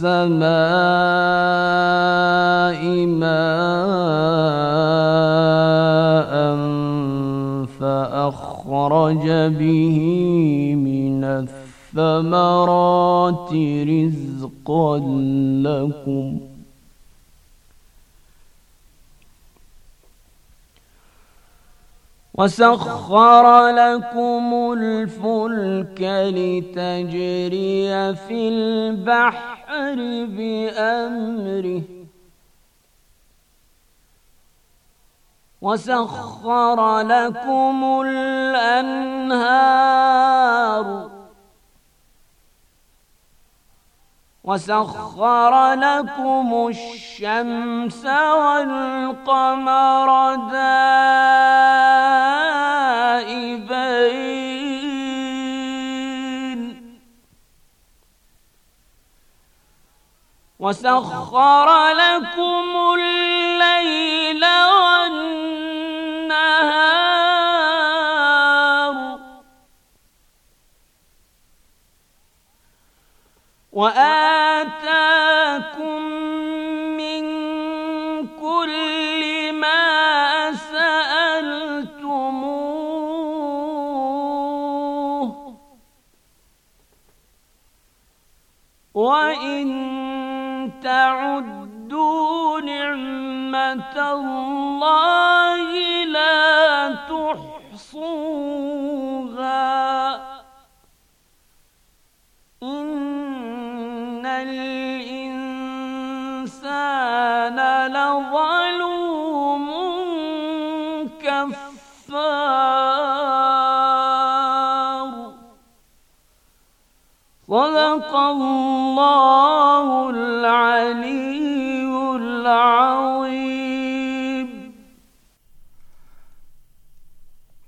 السماء ماء فأخرج به من الثمرات رزقا لكم وسخر لكم الفلك لتجري في البحر يفعل بأمره وسخر لكم الأنهار وسخر لكم الشمس والقمر دار وسخر لكم الليل والنهار وآتاكم من كل ما سألتموه وإن تعدوا نعمة الله لا تحصون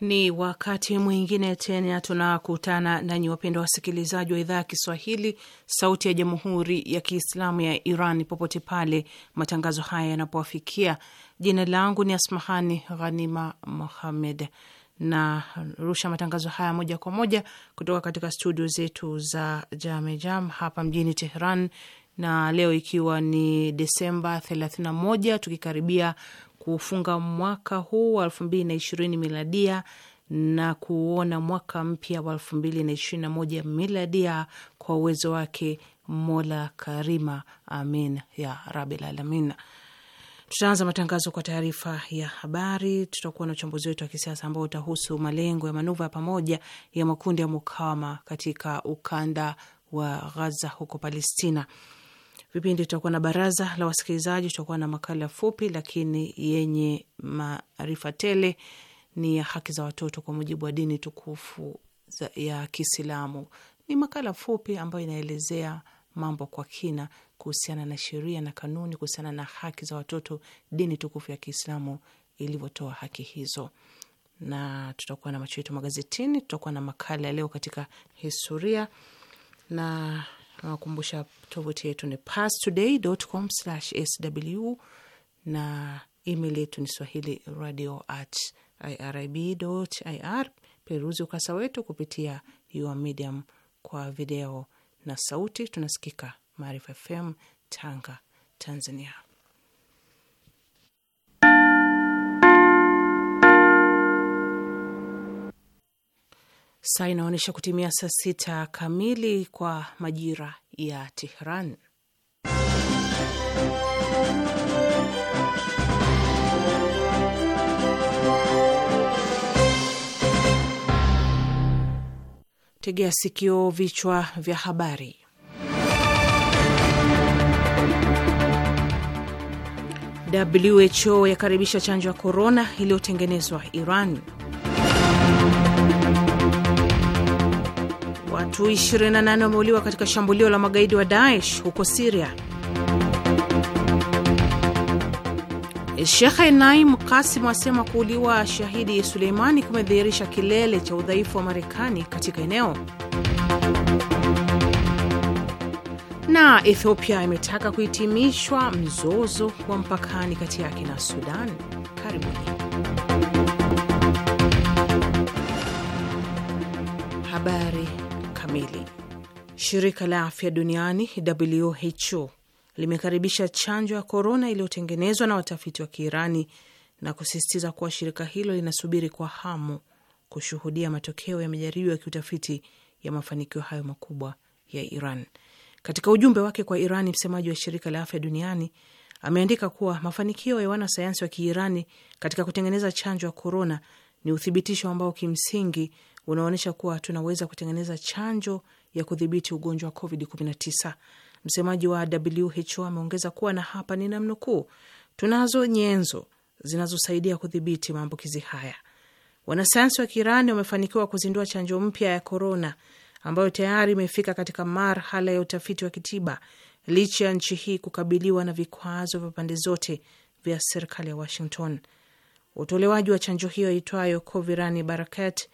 Ni wakati mwingine tena tunakutana nanyi wapendwa wasikilizaji wa idhaa ya Kiswahili, Sauti ya Jamhuri ya Kiislamu ya Iran, popote pale matangazo haya yanapowafikia. Jina langu ni Asmahani Ghanima Mohammed na rusha matangazo haya moja kwa moja kutoka katika studio zetu za Jamejam hapa mjini teheran na leo ikiwa ni Desemba 31 tukikaribia kuufunga mwaka huu wa elfu mbili na ishirini miladia na kuuona mwaka mpya wa elfu mbili na ishirini na moja miladia kwa uwezo wake Mola Karima, amin ya rabil alamin. Tutaanza matangazo kwa taarifa ya habari. Tutakuwa na uchambuzi wetu wa kisiasa ambao utahusu malengo ya manuva ya pamoja ya makundi ya mukawama katika ukanda wa Ghaza huko Palestina vipindi, tutakuwa na baraza la wasikilizaji, tutakuwa na makala fupi lakini yenye maarifa tele, ni ya haki za watoto kwa mujibu wa dini tukufu ya Kiislamu. Ni makala fupi ambayo inaelezea mambo kwa kina kuhusiana na sheria na kanuni kuhusiana na haki za watoto, dini tukufu ya Kiislamu ilivyotoa haki hizo, na tutakuwa na macho yetu magazetini, tutakuwa na makala ya leo katika historia, na nawakumbusha Tovuti yetu ni pastoday.com/sw na email yetu ni swahili radio at ir Peruzi ukasa wetu kupitia your medium kwa video na sauti. Tunasikika Maarifa FM Tanga, Tanzania. Saa inaonyesha kutimia saa sita kamili kwa majira ya Tehran. Tegea sikio, vichwa vya habari. WHO yakaribisha chanjo ya korona iliyotengenezwa Iran. Watu 28 wameuliwa katika shambulio la magaidi wa Daesh huko Siria. Shekhe Naim Kasim asema kuuliwa shahidi Suleimani kumedhihirisha kilele cha udhaifu wa Marekani katika eneo. Na Ethiopia imetaka kuhitimishwa mzozo wa mpakani kati yake na Sudan. Karibuni. kamili. Shirika la afya duniani WHO limekaribisha chanjo ya korona iliyotengenezwa na watafiti wa Kiirani na kusisitiza kuwa shirika hilo linasubiri kwa hamu kushuhudia matokeo ya majaribio ya kiutafiti ya mafanikio hayo makubwa ya Iran. Katika ujumbe wake kwa iran msemaji wa shirika la afya duniani ameandika kuwa mafanikio ya wanasayansi wa Kiirani katika kutengeneza chanjo ya korona ni uthibitisho ambao kimsingi unaonyesha kuwa tunaweza kutengeneza chanjo ya kudhibiti ugonjwa wa COVID-19. Msemaji wa WHO ameongeza kuwa, na hapa ni namnukuu, tunazo nyenzo zinazosaidia kudhibiti maambukizi haya. Wanasayansi wa Kiirani wamefanikiwa kuzindua chanjo mpya ya korona ambayo tayari imefika katika marhala ya utafiti wa kitiba licha ya nchi hii kukabiliwa na vikwazo vya pande zote vya serikali ya Washington. Utolewaji wa chanjo hiyo itwayo Covirani Barakat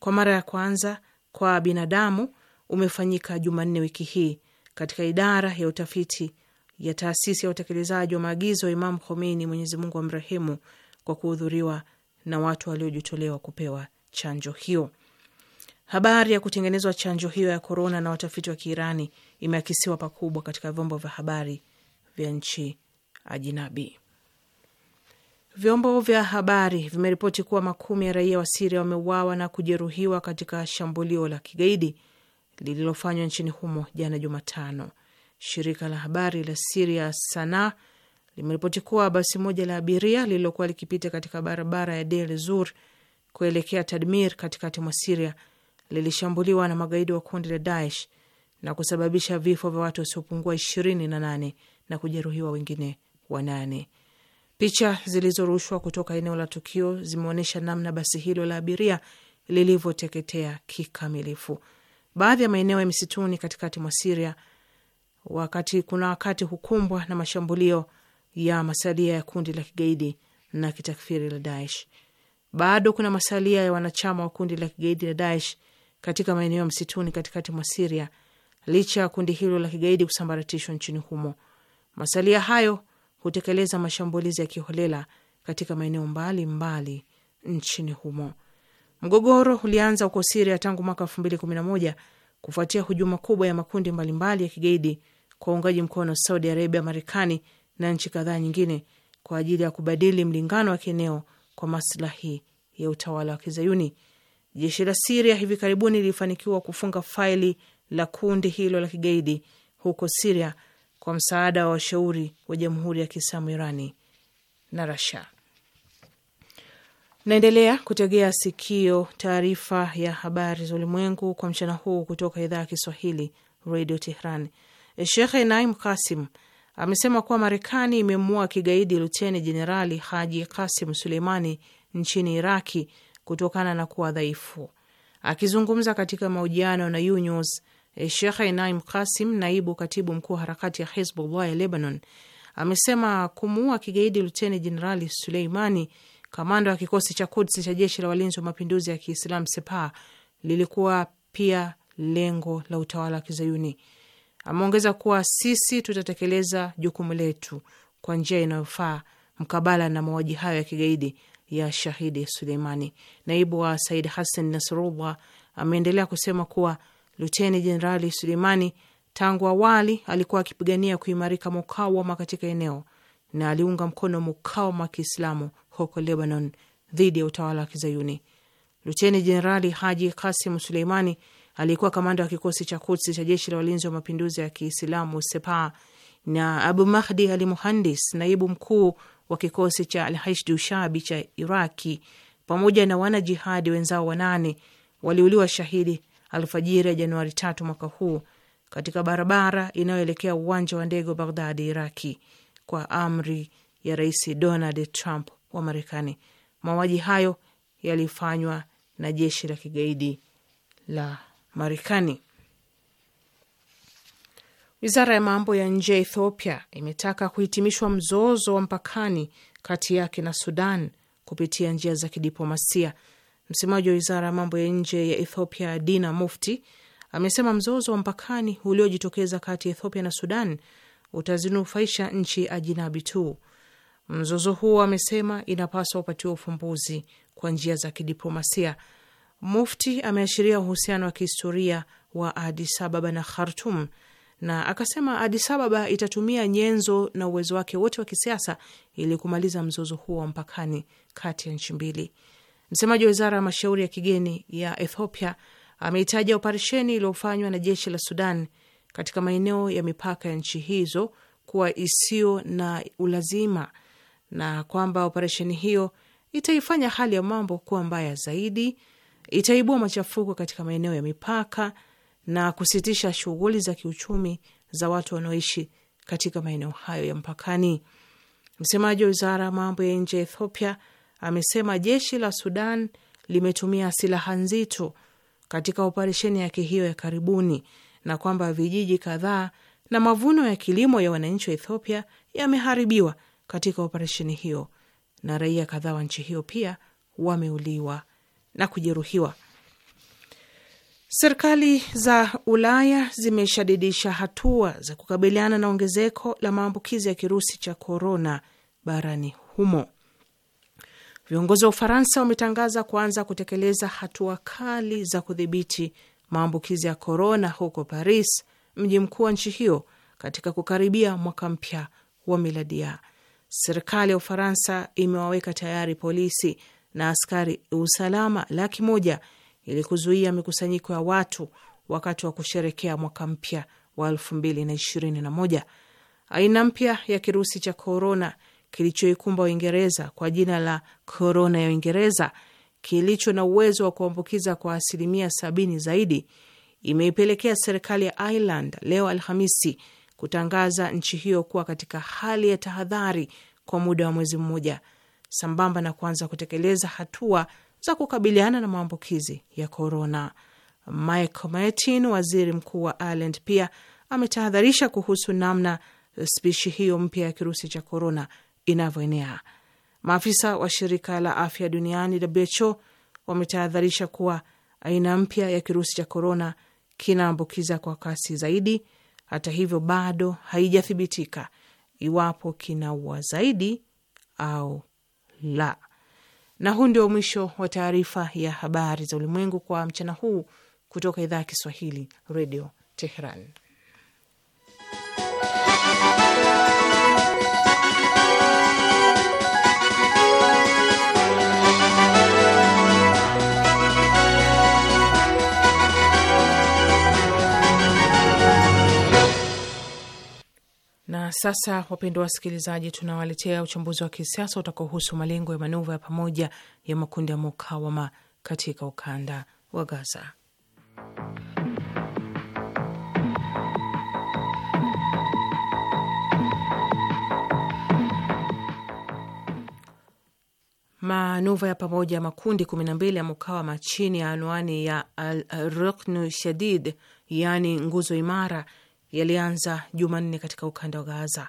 kwa mara ya kwanza kwa binadamu umefanyika Jumanne wiki hii katika idara ya utafiti ya taasisi ya utekelezaji wa maagizo ya Imam Khomeini, Mwenyezi Mungu amrehemu, kwa kuhudhuriwa na watu waliojitolewa kupewa chanjo hiyo. Habari ya kutengenezwa chanjo hiyo ya korona na watafiti wa Kiirani imeakisiwa pakubwa katika vyombo vya habari vya nchi ajinabi. Vyombo vya habari vimeripoti kuwa makumi ya raia wa Siria wameuawa na kujeruhiwa katika shambulio la kigaidi lililofanywa nchini humo jana Jumatano. Shirika la habari la Siria sana limeripoti kuwa basi moja la abiria lililokuwa likipita katika barabara ya Deir Zur kuelekea Tadmir katikati mwa Siria lilishambuliwa na magaidi wa kundi la Daesh na kusababisha vifo vya watu wasiopungua ishirini na nane na kujeruhiwa wengine wanane. Picha zilizorushwa kutoka eneo la tukio zimeonyesha namna basi hilo la abiria lilivyoteketea kikamilifu. Baadhi ya maeneo ya misituni katikati mwa Siria wakati kuna wakati hukumbwa na mashambulio ya masalia ya kundi la kigaidi na kitakfiri la Daesh. Bado kuna masalia ya wanachama wa kundi la kigaidi la Daesh katika maeneo ya msituni katikati mwa Siria licha ya kundi hilo la kigaidi kusambaratishwa nchini humo. Masalia hayo hutekeleza mashambulizi ya kiholela katika maeneo mbalimbali nchini humo. Mgogoro ulianza huko Siria tangu mwaka elfu mbili kumi na moja kufuatia hujuma kubwa ya makundi mbalimbali ya kigaidi kwa uungaji mkono Saudi Arabia, Marekani na nchi kadhaa nyingine kwa ajili ya kubadili mlingano wa kieneo kwa maslahi ya utawala wa Kizayuni. Jeshi la Siria hivi karibuni lilifanikiwa kufunga faili la kundi hilo la kigaidi huko Siria kwa msaada wa washauri wa Jamhuri ya Kiislamu Irani na Rasha. Naendelea kutegea sikio taarifa ya habari za ulimwengu kwa mchana huu kutoka idhaa ya Kiswahili Radio Tehran. Shekhe Naim Kasim amesema kuwa Marekani imemua kigaidi Luteni Jenerali Haji Kasim Suleimani nchini Iraki kutokana na kuwa dhaifu. Akizungumza katika mahojiano na UNews, E, Shekhe Naim Kasim, naibu katibu mkuu wa harakati ya Hezbollah ya Lebanon, amesema kumuua kigaidi Luteni Jenerali Suleimani, kamanda wa kikosi cha Kuds cha jeshi la walinzi wa mapinduzi ya kiislam sepa lilikuwa pia lengo la utawala wa Kizayuni. Ameongeza kuwa sisi tutatekeleza jukumu letu kwa njia inayofaa mkabala na mauaji hayo ya kigaidi ya shahidi Suleimani. Naibu wa Said Hassan Nasrullah ameendelea kusema kuwa Luteni Jenerali sulemani tangu awali alikuwa akipigania kuimarika mukawama katika eneo na aliunga mkono mukawama wa Kiislamu huko Lebanon dhidi ya utawala wa Kizayuni. Luteni Jenerali Haji Kasim Suleimani aliyekuwa kamanda wa kikosi cha Kutsi cha jeshi la walinzi wa mapinduzi ya Kiislamu Sepa, na Abu Mahdi Al Muhandis, naibu mkuu wa kikosi cha Alhashdu Shabi cha Iraki, pamoja na wanajihadi wenzao wanane waliuliwa shahidi alfajiri ya Januari tatu mwaka huu katika barabara inayoelekea uwanja wa ndege wa Baghdadi, Iraki, kwa amri ya Rais Donald Trump wa Marekani. Mauaji hayo yalifanywa na jeshi la kigaidi la Marekani. Wizara ya mambo ya nje ya Ethiopia imetaka kuhitimishwa mzozo wa mpakani kati yake na Sudan kupitia njia za kidiplomasia Msemaji wa wizara ya mambo ya nje ya Ethiopia Dina Mufti amesema mzozo wa mpakani uliojitokeza kati ya Ethiopia na Sudan utazinufaisha nchi ajinabi tu. Mzozo huo, amesema, inapaswa upatiwa ufumbuzi kwa njia za kidiplomasia. Mufti ameashiria uhusiano wa kihistoria wa Adis Ababa na Khartum na akasema Adis Ababa itatumia nyenzo na uwezo wake wote wa kisiasa ili kumaliza mzozo huo wa mpakani kati ya nchi mbili. Msemaji wa wizara ya mashauri ya kigeni ya Ethiopia ameitaja operesheni iliyofanywa na jeshi la Sudan katika maeneo ya mipaka ya nchi hizo kuwa isiyo na ulazima na kwamba operesheni hiyo itaifanya hali ya mambo kuwa mbaya zaidi, itaibua machafuko katika maeneo ya mipaka na kusitisha shughuli za kiuchumi za watu wanaoishi katika maeneo hayo ya mpakani. Msemaji wa wizara ya mambo ya nje ya Ethiopia amesema jeshi la Sudan limetumia silaha nzito katika operesheni yake hiyo ya karibuni na kwamba vijiji kadhaa na mavuno ya kilimo ya wananchi wa Ethiopia yameharibiwa katika operesheni hiyo na raia kadhaa wa nchi hiyo pia wameuliwa na kujeruhiwa. Serikali za Ulaya zimeshadidisha hatua za kukabiliana na ongezeko la maambukizi ya kirusi cha korona barani humo. Viongozi wa Ufaransa wametangaza kuanza kutekeleza hatua kali za kudhibiti maambukizi ya korona huko Paris, mji mkuu wa nchi hiyo, katika kukaribia mwaka mpya wa miladia. Serikali ya Ufaransa imewaweka tayari polisi na askari usalama laki moja ili kuzuia mikusanyiko ya watu wakati wa kusherekea mwaka mpya wa elfu mbili na ishirini na moja. Aina mpya ya kirusi cha korona kilichoikumba Uingereza kwa jina la korona ya Uingereza, kilicho na uwezo wa kuambukiza kwa asilimia sabini zaidi, imeipelekea serikali ya Ireland leo Alhamisi kutangaza nchi hiyo kuwa katika hali ya tahadhari kwa muda wa mwezi mmoja, sambamba na kuanza kutekeleza hatua za kukabiliana na maambukizi ya korona. Michael Martin, waziri mkuu wa Ireland, pia ametahadharisha kuhusu namna spishi hiyo mpya ya kirusi cha korona inavyoenea. Maafisa wa shirika la afya duniani WHO wametahadharisha kuwa aina mpya ya kirusi cha korona kinaambukiza kwa kasi zaidi. Hata hivyo, bado haijathibitika iwapo kinaua zaidi au la. Na huu ndio mwisho wa taarifa ya habari za ulimwengu kwa mchana huu kutoka idhaa ya Kiswahili, Redio Teheran. Na sasa wapendwa wasikilizaji, tunawaletea uchambuzi wa kisiasa utakaohusu malengo ya manuva ya pamoja ya makundi ya mukawama katika ukanda wa Gaza. Manuva ya pamoja ya makundi kumi na mbili ya mukawama chini ya anwani ya Al Ruknu Shadid, yaani nguzo imara yalianza Jumanne katika ukanda wa Gaza.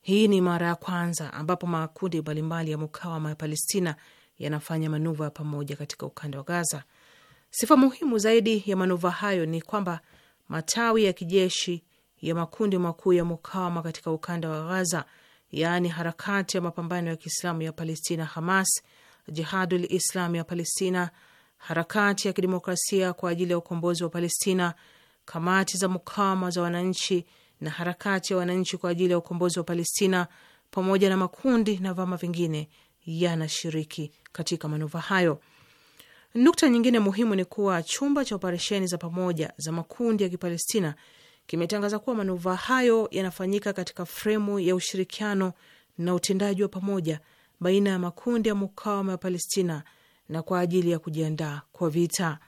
Hii ni mara ya kwanza ambapo makundi mbalimbali ya mukawama ya Palestina yanafanya manuva ya pamoja katika ukanda wa Gaza. Sifa muhimu zaidi ya manuva hayo ni kwamba matawi ya kijeshi ya makundi makuu ya mukawama katika ukanda wa Gaza, yaani harakati ya mapambano ya Kiislamu ya Palestina Hamas, Jihadul Islam ya Palestina, harakati ya kidemokrasia kwa ajili ya ukombozi wa Palestina kamati za mukawama za wananchi na harakati ya wananchi kwa ajili ya ukombozi wa Palestina pamoja na makundi na vyama vingine yanashiriki katika manuva hayo. Nukta nyingine muhimu ni kuwa chumba cha operesheni za pamoja za makundi ya Kipalestina kimetangaza kuwa manuva hayo yanafanyika katika fremu ya ushirikiano na utendaji wa pamoja baina ya makundi ya mukawama ya Palestina na kwa ajili ya kujiandaa kwa vita.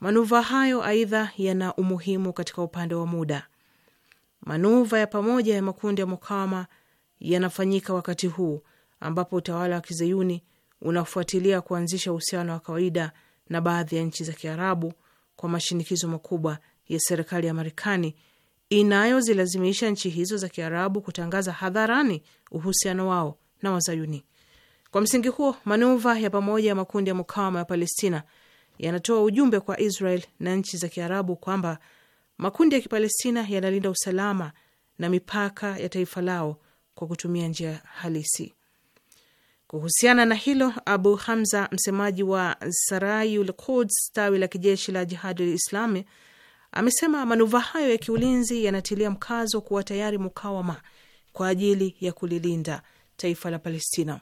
Manuva hayo aidha yana umuhimu katika upande wa muda. Manuva ya pamoja ya makundi ya mukawama yanafanyika wakati huu ambapo utawala wa kizayuni unafuatilia kuanzisha uhusiano wa kawaida na baadhi ya nchi za Kiarabu kwa mashinikizo makubwa ya serikali ya Marekani inayozilazimisha nchi hizo za Kiarabu kutangaza hadharani uhusiano wao na Wazayuni. Kwa msingi huo, manuva ya pamoja ya makundi ya mukawama ya Palestina yanatoa ujumbe kwa Israel na nchi za Kiarabu kwamba makundi ya Kipalestina yanalinda usalama na mipaka ya taifa lao kwa kutumia njia halisi. Kuhusiana na hilo, Abu Hamza, msemaji wa Sarayul Quds, tawi la kijeshi la Jihadul Islami, amesema manuva hayo ya kiulinzi yanatilia mkazo kuwa tayari mukawama kwa ajili ya kulilinda taifa la Palestina.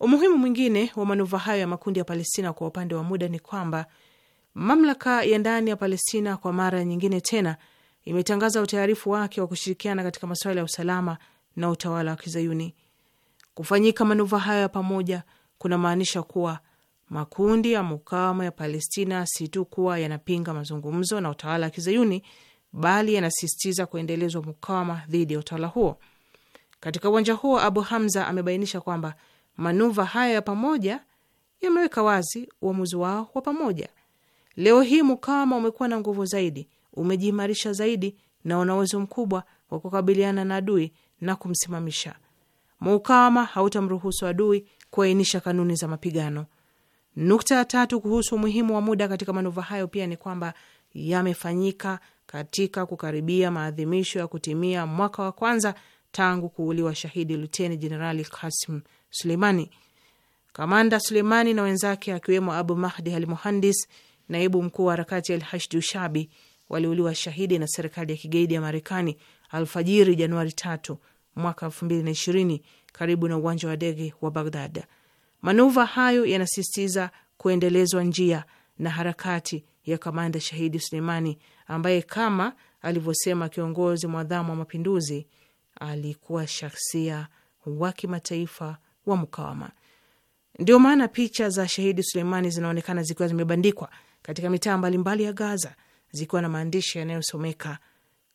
Umuhimu mwingine wa manuva hayo ya makundi ya Palestina kwa upande wa muda ni kwamba mamlaka ya ndani ya Palestina kwa mara nyingine tena imetangaza utayarifu wake wa kushirikiana katika masuala ya usalama na utawala wa Kizayuni. Kufanyika manuva hayo ya pamoja kuna maanisha kuwa makundi ya mukawama ya Palestina si tu kuwa yanapinga mazungumzo na utawala wa Kizayuni, bali yanasisitiza kuendelezwa mukawama dhidi ya utawala huo. Katika uwanja huo, Abu Hamza amebainisha kwamba Manuva haya ya pamoja yameweka wazi uamuzi wao wa pamoja. Leo hii Mukawama umekuwa na nguvu zaidi, umejiimarisha zaidi na una uwezo mkubwa wa kukabiliana na adui na kumsimamisha. Mukama hautamruhusu adui kuainisha kanuni za mapigano. Nukta ya tatu kuhusu umuhimu wa muda katika manuva hayo pia ni kwamba yamefanyika katika kukaribia maadhimisho ya kutimia mwaka wa kwanza tangu kuuliwa shahidi Luteni Jenerali Kasim Suleimani. Kamanda Suleimani na wenzake akiwemo Abu Mahdi al Muhandis, naibu mkuu wa harakati al Hashdu Shabi, waliuliwa shahidi na serikali ya kigaidi ya Marekani alfajiri Januari tatu mwaka elfu mbili na ishirini karibu na uwanja wa ndege wa Baghdad. Manuva hayo yanasisitiza kuendelezwa njia na harakati ya kamanda shahidi Suleimani ambaye kama alivyosema kiongozi mwadhamu wa mapinduzi alikuwa shahsia wa kimataifa wa mkawama. Ndio maana picha za shahidi Suleimani zinaonekana zikiwa zimebandikwa katika mitaa mbalimbali ya Gaza zikiwa na maandishi yanayosomeka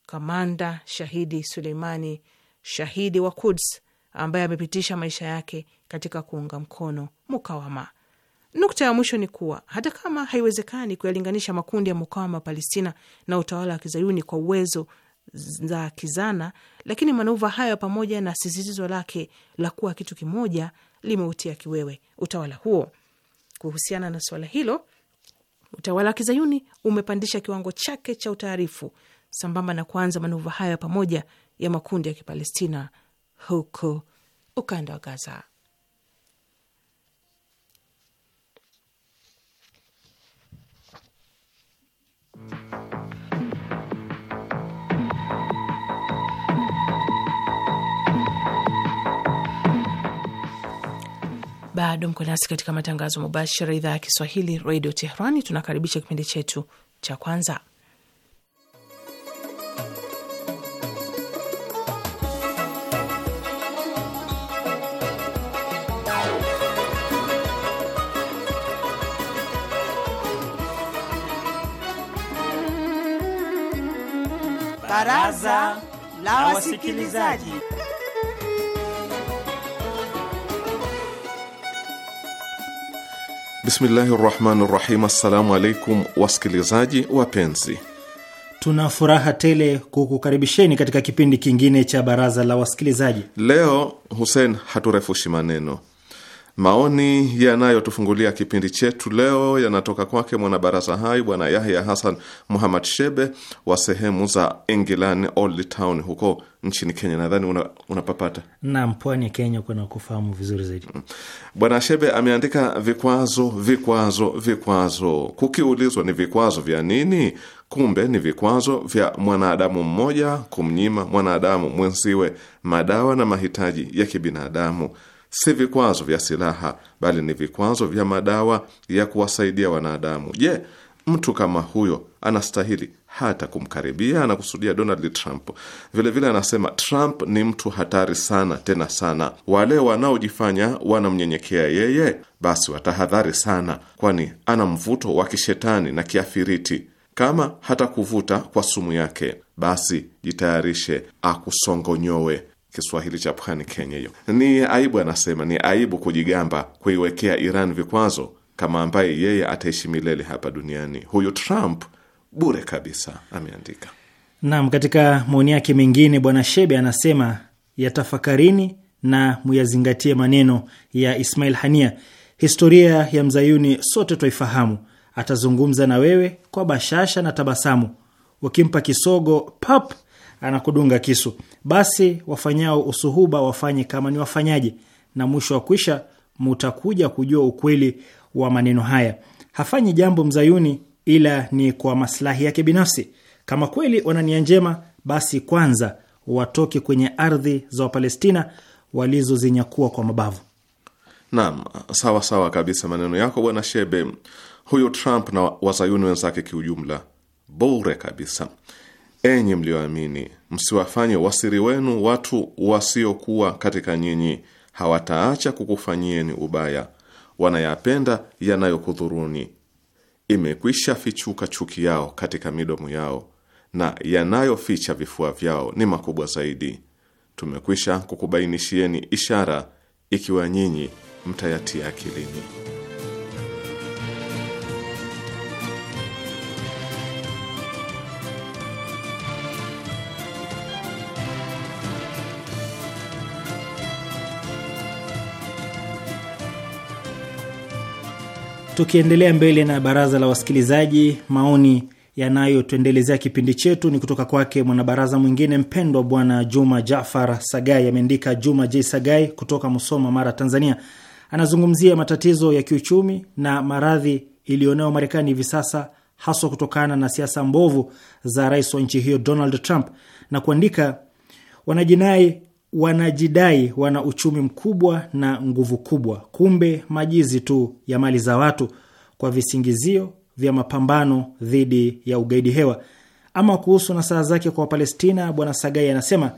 Kamanda shahidi Suleimani, shahidi wa Kuds, ambaye amepitisha maisha yake katika kuunga mkono mukawama. Nukta ya mwisho ni kuwa hata kama haiwezekani kuyalinganisha makundi ya mukawama wa Palestina na utawala wa kizayuni kwa uwezo za kizana, lakini manuva hayo pamoja na sisitizo lake la kuwa kitu kimoja limeutia kiwewe utawala huo. Kuhusiana na swala hilo, utawala wa kizayuni umepandisha kiwango chake cha utaarifu sambamba na kuanza manuva hayo pamoja ya makundi ya kipalestina huko ukanda wa Gaza. Bado mko nasi katika matangazo mubashara, idhaa ya Kiswahili, redio Teherani. Tunakaribisha kipindi chetu cha kwanza Baraza la Wasikilizaji. Bismillahi rahmani rahim. Assalamu alaikum wasikilizaji wapenzi, tuna furaha tele kukukaribisheni katika kipindi kingine cha baraza la wasikilizaji. Leo Hussein, haturefushi maneno, Maoni yanayotufungulia kipindi chetu leo yanatoka kwake mwanabaraza hai Bwana Yahya Hassan Muhammad Shebe wa sehemu za England Old Town huko nchini Kenya. Nadhani unapapata una naam, ya Kenya kuna kufahamu vizuri zaidi. Mm. Bwana Shebe ameandika vikwazo, vikwazo, vikwazo. Kukiulizwa ni vikwazo vya nini? Kumbe ni vikwazo vya mwanadamu mmoja kumnyima mwanadamu mwenziwe madawa na mahitaji ya kibinadamu si vikwazo vya silaha, bali ni vikwazo vya madawa ya kuwasaidia wanadamu. Je, mtu kama huyo anastahili hata kumkaribia? Anakusudia Donald Trump. Vilevile vile anasema Trump ni mtu hatari sana, tena sana. Wale wanaojifanya wanamnyenyekea yeye, basi watahadhari sana, kwani ana mvuto wa kishetani na kiafiriti. Kama hata kuvuta kwa sumu yake, basi jitayarishe akusongonyowe Kiswahili cha pwani Kenya hiyo. Ni aibu, anasema ni aibu kujigamba kuiwekea Iran vikwazo kama ambaye yeye ataishi milele hapa duniani. Huyu Trump bure kabisa, ameandika. nam. katika maoni yake mengine bwana Shebe anasema yatafakarini na muyazingatie maneno ya Ismail Hania. Historia ya mzayuni sote twaifahamu, atazungumza na wewe kwa bashasha na tabasamu, ukimpa kisogo pap anakudunga kisu. Basi wafanyao usuhuba wafanye kama ni wafanyaji, na mwisho wa kwisha mutakuja kujua ukweli wa maneno haya. Hafanyi jambo mzayuni ila ni kwa maslahi yake binafsi. Kama kweli wana nia njema, basi kwanza watoke kwenye ardhi za Wapalestina walizozinyakua kwa mabavu. Naam, sawa sawa kabisa maneno yako bwana Shebe. Huyu Trump na wazayuni wenzake kiujumla, bure kabisa. Enyi mlioamini, msiwafanye wasiri wenu watu wasiokuwa katika nyinyi, hawataacha kukufanyieni ubaya, wanayapenda yanayokudhuruni. Imekwisha fichuka chuki yao katika midomo yao, na yanayoficha vifua vyao ni makubwa zaidi. Tumekwisha kukubainishieni ishara, ikiwa nyinyi mtayatia akilini. Tukiendelea mbele na baraza la wasikilizaji, maoni yanayotuendelezea kipindi chetu ni kutoka kwake mwanabaraza mwingine mpendwa, Bwana Juma Jafar Sagai. Ameandika Juma J Sagai kutoka Musoma, Mara, Tanzania. Anazungumzia matatizo ya kiuchumi na maradhi iliyonayo Marekani hivi sasa, haswa kutokana na siasa mbovu za rais wa nchi hiyo Donald Trump, na kuandika wanajinai wanajidai wana uchumi mkubwa na nguvu kubwa, kumbe majizi tu ya mali za watu kwa visingizio vya mapambano dhidi ya ugaidi hewa. Ama kuhusu nasaha zake kwa Wapalestina, Bwana Sagai anasema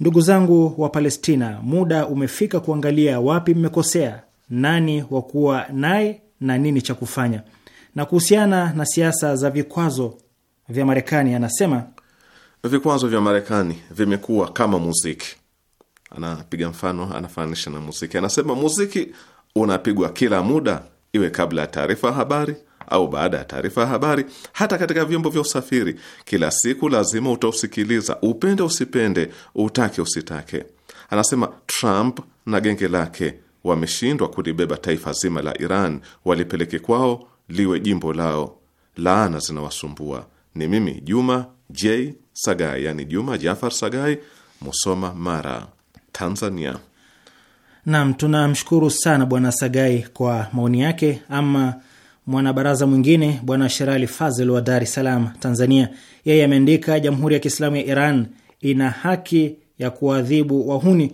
ndugu zangu wa Palestina, muda umefika kuangalia wapi mmekosea, nani wa kuwa naye na nini cha kufanya. Na kuhusiana na siasa za vikwazo vya Marekani anasema vikwazo vya Marekani vimekuwa kama muziki anapiga mfano, anafananisha na muziki. Anasema muziki unapigwa kila muda, iwe kabla ya taarifa ya habari au baada ya taarifa ya habari, hata katika vyombo vya usafiri. Kila siku lazima utausikiliza, upende usipende, utake usitake. Anasema Trump na genge lake wameshindwa kulibeba taifa zima la Iran, walipeleke kwao, liwe jimbo lao. Laana zinawasumbua. Ni mimi Juma J Sagai, yani Juma Jafar Sagai, Musoma, Mara. Tanzania. Nam, tunamshukuru sana Bwana Sagai kwa maoni yake. Ama mwanabaraza mwingine Bwana Sherali Fazel wa Dar es Salaam, Tanzania, yeye ameandika, Jamhuri ya Kiislamu ya Iran ina haki ya kuwaadhibu wahuni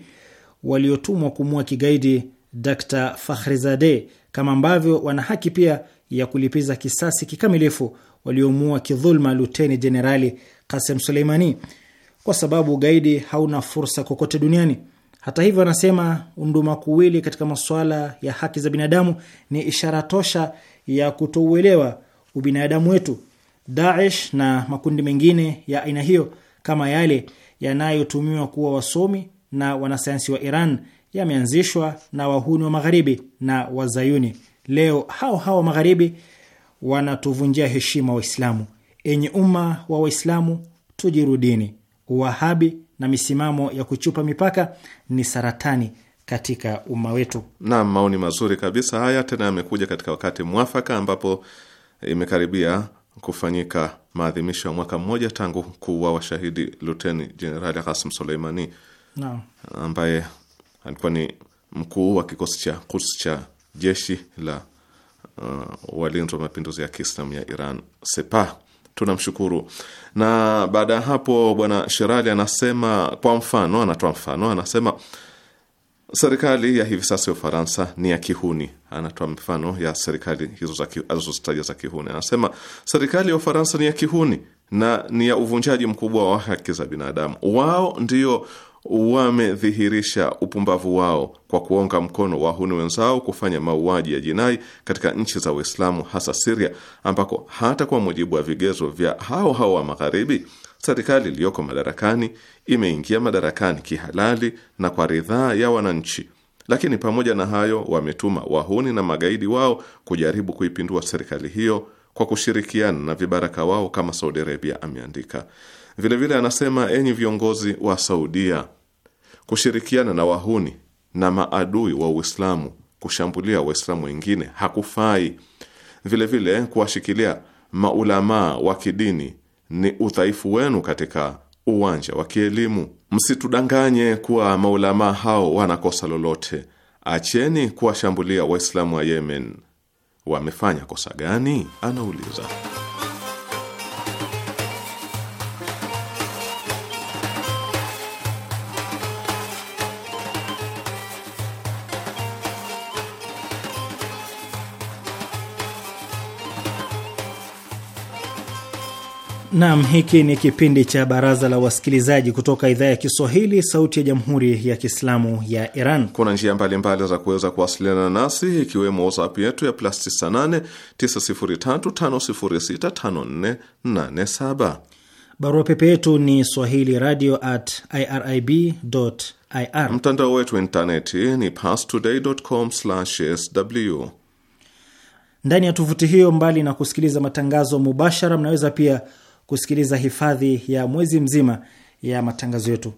waliotumwa kumua kigaidi Dr fahrizade kama ambavyo wana haki pia ya kulipiza kisasi kikamilifu waliomua kidhulma Luteni Jenerali Kasem Suleimani, kwa sababu ugaidi hauna fursa kokote duniani. Hata hivyo, anasema mdumakuwili katika masuala ya haki za binadamu ni ishara tosha ya kutouelewa ubinadamu wetu. Daesh na makundi mengine ya aina hiyo kama yale yanayotumiwa kuwa wasomi na wanasayansi wa Iran yameanzishwa na wahuni wa magharibi na wazayuni. Leo hao hao wa magharibi wanatuvunjia heshima Waislamu. Enye umma wa Waislamu, tujirudini. Uwahabi na misimamo ya kuchupa mipaka ni saratani katika umma wetu. Naam, maoni mazuri kabisa haya, tena yamekuja katika wakati mwafaka ambapo imekaribia kufanyika maadhimisho ya mwaka mmoja tangu kuwa washahidi Luteni Jenerali Qasim Soleimani ambaye alikuwa ni mkuu wa kikosi cha Quds cha jeshi la uh, walinzi wa mapinduzi ya Kiislamu ya Iran Sepah tunamshukuru. Na baada ya hapo, bwana Sherali anasema kwa mfano, anatoa mfano, anasema serikali ya hivi sasa ya Ufaransa ni ya kihuni. Anatoa mfano ya serikali hizo alizozitaja za kihuni, anasema serikali ya Ufaransa ni ya kihuni na ni ya uvunjaji mkubwa wa haki za binadamu. Wao ndio wamedhihirisha upumbavu wao kwa kuonga mkono wahuni wenzao kufanya mauaji ya jinai katika nchi za Uislamu, hasa Siria, ambako hata kwa mujibu wa vigezo vya hao hao wa Magharibi, serikali iliyoko madarakani imeingia madarakani kihalali na kwa ridhaa ya wananchi. Lakini pamoja na hayo, wametuma wahuni na magaidi wao kujaribu kuipindua serikali hiyo kwa kushirikiana na vibaraka wao kama Saudi Arabia, ameandika. Vilevile vile anasema, enyi viongozi wa Saudia, kushirikiana na wahuni na maadui wa Uislamu kushambulia Waislamu wengine hakufai. Vilevile kuwashikilia maulamaa wa kidini ni udhaifu wenu katika uwanja wa kielimu. Msitudanganye kuwa maulamaa hao wanakosa lolote. Acheni kuwashambulia Waislamu wa Yemen. Wamefanya kosa gani? Anauliza. Naam, hiki ni kipindi cha Baraza la Wasikilizaji kutoka idhaa ya Kiswahili, Sauti ya Jamhuri ya Kiislamu ya Iran. Kuna njia mbalimbali za kuweza kuwasiliana nasi, ikiwemo WhatsApp yetu ya plus 989035065487. Barua pepe yetu ni swahili radio at irib ir. Mtandao wetu wa intaneti ni parstoday.com/sw. Ndani ya tovuti hiyo, mbali na kusikiliza matangazo mubashara, mnaweza pia kusikiliza hifadhi ya mwezi mzima ya matangazo yetu.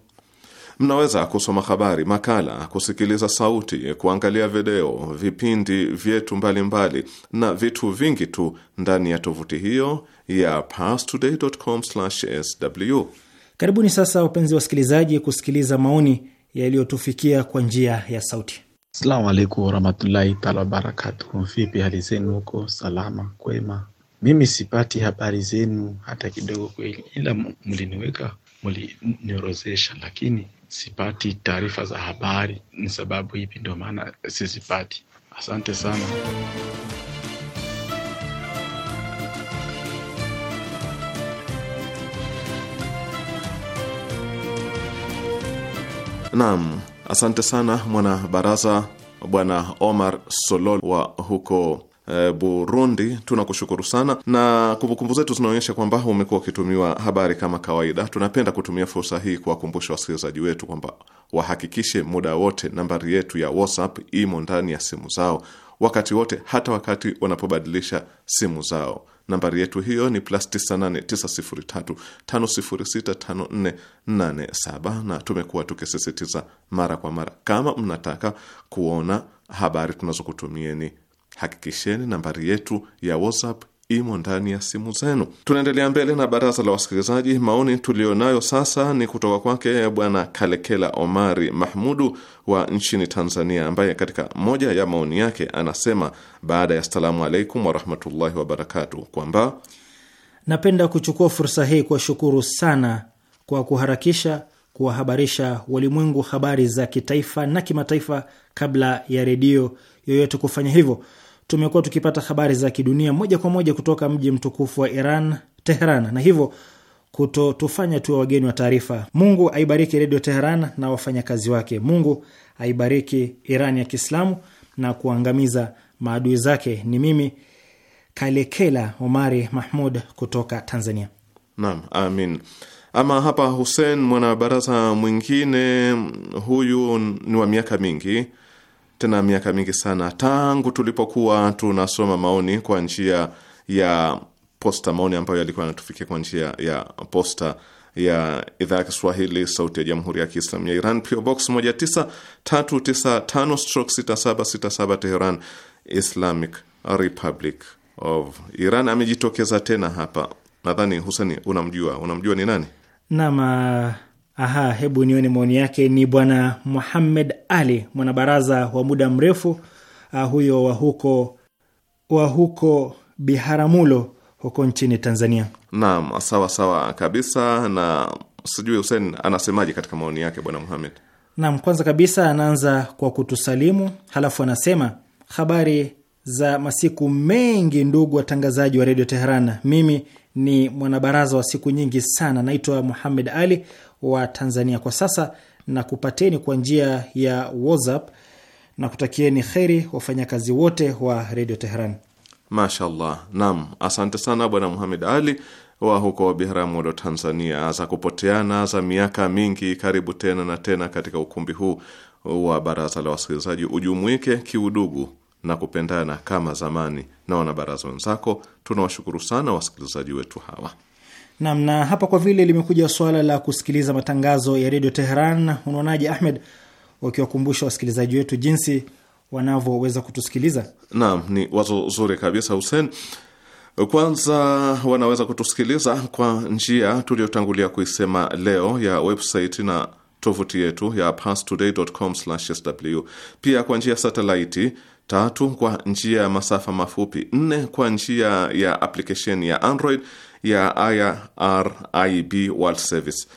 Mnaweza kusoma habari, makala, kusikiliza sauti, kuangalia video, vipindi vyetu mbalimbali mbali, na vitu vingi tu ndani ya tovuti hiyo ya parstoday.com/sw. Karibuni sasa, wapenzi wasikilizaji, kusikiliza maoni yaliyotufikia kwa njia ya sauti. Asalamu alaikum warahmatullahi taala wabarakatuh. Vipi hali zenu huko, salama kwema? Mimi sipati habari zenu hata kidogo kweli, ila mliniweka mliniorozesha, lakini sipati taarifa za habari. Ni sababu ipi? Ndio maana sizipati. Asante sana. Naam, asante sana mwana baraza Bwana Omar Solol wa huko Eh, Burundi. Tunakushukuru sana, na kumbukumbu zetu zinaonyesha kwamba umekuwa ukitumiwa habari kama kawaida. Tunapenda kutumia fursa hii kuwakumbusha wasikilizaji wetu kwamba wahakikishe muda wote nambari yetu ya WhatsApp imo ndani ya simu zao wakati wote, hata wakati wanapobadilisha simu zao. Nambari yetu hiyo ni plus 989035065487 na tumekuwa tukisisitiza mara kwa mara, kama mnataka kuona habari tunazokutumieni Hakikisheni nambari yetu ya WhatsApp imo ndani ya simu zenu. Tunaendelea mbele na baraza la wasikilizaji. Maoni tuliyonayo sasa ni kutoka kwake Bwana Kalekela Omari Mahmudu wa nchini Tanzania, ambaye katika moja ya maoni yake anasema baada ya assalamu alaikum warahmatullahi wabarakatu, kwamba napenda kuchukua fursa hii kuwashukuru sana kwa kuharakisha kuwahabarisha walimwengu habari za kitaifa na kimataifa kabla ya redio yoyote kufanya hivyo tumekuwa tukipata habari za kidunia moja kwa moja kutoka mji mtukufu wa Iran, Teheran, na hivyo kutotufanya tuwe wageni wa taarifa. Mungu aibariki Redio Teheran na wafanyakazi wake. Mungu aibariki Iran ya Kiislamu na kuangamiza maadui zake. Ni mimi Kalekela Omari Mahmud kutoka Tanzania. Naam, amin. Ama hapa Hussein, mwanabaraza mwingine huyu ni wa miaka mingi tena miaka mingi sana tangu tulipokuwa tunasoma maoni kwa njia ya posta, maoni ambayo yalikuwa yanatufikia kwa njia ya posta ya idhaa ya Kiswahili sauti ya jamhuri ya Kiislamu ya Iran, PO Box 19395 stroke 6767 Teheran, Islamic Republic of Iran. Amejitokeza tena hapa, nadhani Huseni unamjua, unamjua ni nani? Naam, Aha, hebu nione maoni yake. Ni bwana Muhammed Ali, mwanabaraza wa muda mrefu uh, huyo wa huko wa huko Biharamulo huko nchini Tanzania. Naam, sawa sawa kabisa, na sijui Hussein anasemaje katika maoni yake bwana Muhammed. Naam, kwanza kabisa anaanza kwa kutusalimu, halafu anasema habari za masiku mengi, ndugu watangazaji wa redio Teheran. Mimi ni mwanabaraza wa siku nyingi sana, naitwa Muhammed Ali wa Tanzania kwa sasa na kupateni kwa njia ya WhatsApp na kutakieni kheri wafanyakazi wote wa redio Teheran. Mashallah, nam, asante sana Bwana Muhamed Ali wa huko Biharamulo, Tanzania, za kupoteana za miaka mingi. Karibu tena na tena katika ukumbi huu wa baraza la wasikilizaji, ujumuike kiudugu na kupendana kama zamani na wanabaraza wenzako. Tunawashukuru sana wasikilizaji wetu hawa. Nam, na hapa kwa vile limekuja swala la kusikiliza matangazo ya redio Teheran, unaonaje Ahmed, wakiwakumbusha wasikilizaji wetu jinsi wanavyoweza kutusikiliza? Naam, ni wazo zuri kabisa Hussein. Kwanza wanaweza kutusikiliza kwa njia tuliyotangulia kuisema leo ya website na tovuti yetu ya pastoday.com/sw, pia kwa njia satelaiti tatu, kwa njia ya masafa mafupi nne, kwa njia ya aplikesheni ya Android ya IRIB World Service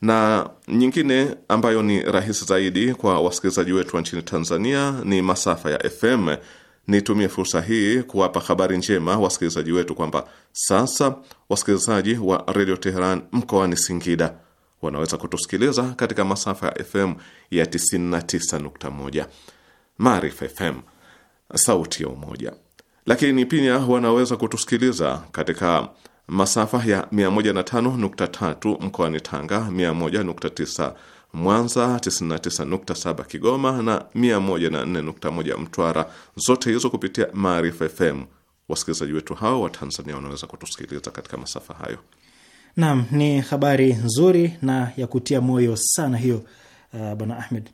na nyingine ambayo ni rahisi zaidi kwa wasikilizaji wetu wa nchini Tanzania ni masafa ya FM. Nitumie fursa hii kuwapa habari njema wasikilizaji wetu kwamba sasa wasikilizaji wa redio Teheran mkoani Singida wanaweza kutusikiliza katika masafa ya FM ya 99.1 Maarifa FM, sauti ya Umoja, lakini pia wanaweza kutusikiliza katika masafa ya 105.3 mkoani Tanga, 101.9 Mwanza, 99.7 Kigoma na 104.1 Mtwara, zote hizo kupitia Maarifa FM. Wasikilizaji wetu hao wa Tanzania wanaweza kutusikiliza katika masafa hayo. Naam, ni habari nzuri na ya kutia moyo sana hiyo, uh, Bwana Ahmed.